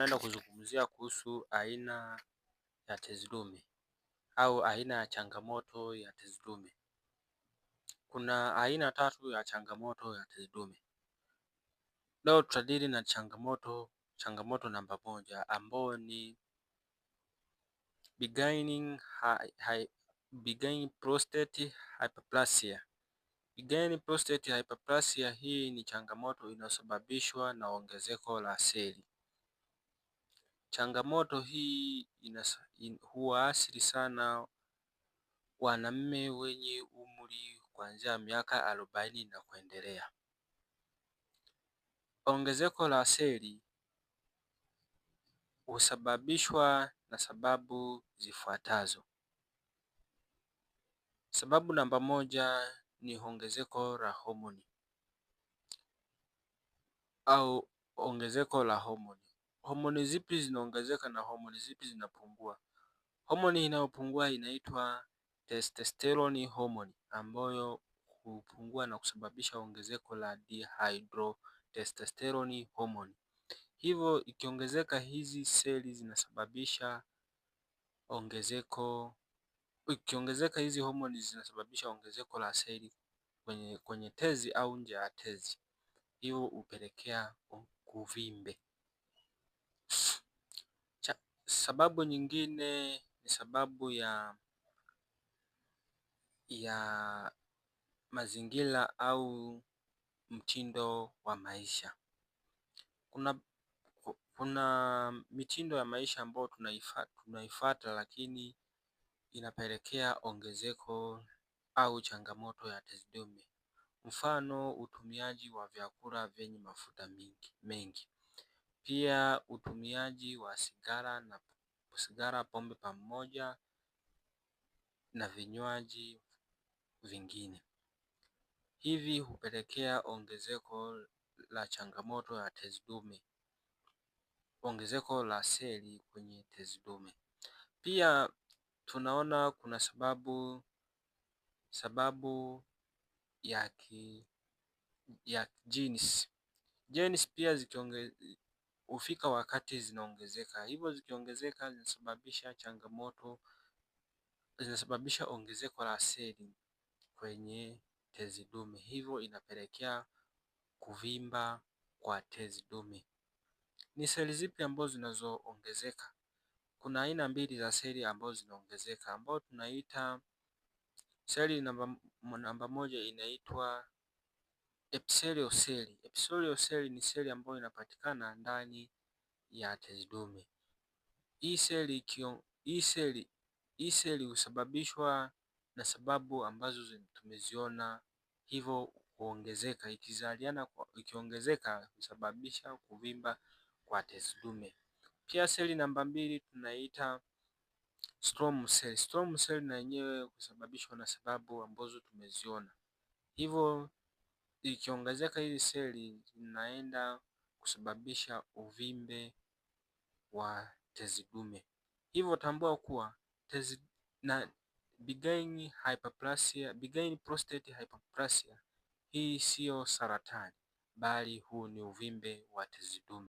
Napenda kuzungumzia kuhusu aina ya tezi dume au aina ya changamoto ya tezi dume. Kuna aina tatu ya changamoto ya tezi dume. Leo tutadili na changamoto changamoto namba moja ambayo ni Benign prostate hyperplasia. Benign prostate hyperplasia hii ni changamoto inayosababishwa na ongezeko la seli. Changamoto hii huwaasiri sana wanaume wenye umri kuanzia miaka arobaini na kuendelea. Ongezeko la seli husababishwa na sababu zifuatazo. Sababu namba moja ni ongezeko la homoni au ongezeko la homoni homoni zipi zinaongezeka na homoni zipi zinapungua. Homoni inayopungua inaitwa testosterone homoni ambayo hupungua na kusababisha ongezeko la dihydrotestosterone homoni. Hivyo ikiongezeka hizi seli zinasababisha ongezeko ikiongezeka hizi homoni zinasababisha ongezeko la seli kwenye, kwenye tezi au nje ya tezi, hiyo hupelekea kuvimbe. Sababu nyingine ni sababu ya ya mazingira au mtindo wa maisha. Kuna mitindo ya maisha ambayo tunaifuata lakini inapelekea ongezeko au changamoto ya tezidume. Mfano utumiaji wa vyakula vyenye mafuta mengi. Pia utumiaji wa sigara, pombe pamoja na vinywaji vingine. Hivi hupelekea ongezeko la changamoto ya tezi dume, ongezeko la seli kwenye tezi dume. Pia tunaona kuna sababu ya genes. Genes pia hufika wakati zinaongezeka. Hivyo zikiongezeka zinasababisha changamoto, zinasababisha ongezeko la seli kwenye tezi dume, hivyo inapelekea kuvimba kwa tezi dume. Ni seli zipi ambazo zinazoongezeka? Kuna aina mbili za seli ambazo zinaongezeka ambayo tunaita seli namba moja inaitwa epithelial seli Epithelial cell ni seli ambayo inapatikana ndani ya tezi dume. Hii seli husababishwa na sababu ambazo tumeziona hivyo huongezeka ikizaliana ikiongezeka husababisha kuvimba kwa tezi dume. Pia seli namba mbili tunaita storm cell. Storm cell na yenyewe husababishwa na sababu ambazo tumeziona hivyo ikiongezeka hii seli inaenda kusababisha uvimbe wa tezi dume. Hivyo tambua kuwa tezi na benign hyperplasia, benign prostate hyperplasia hii siyo saratani bali huu ni uvimbe wa tezi dume.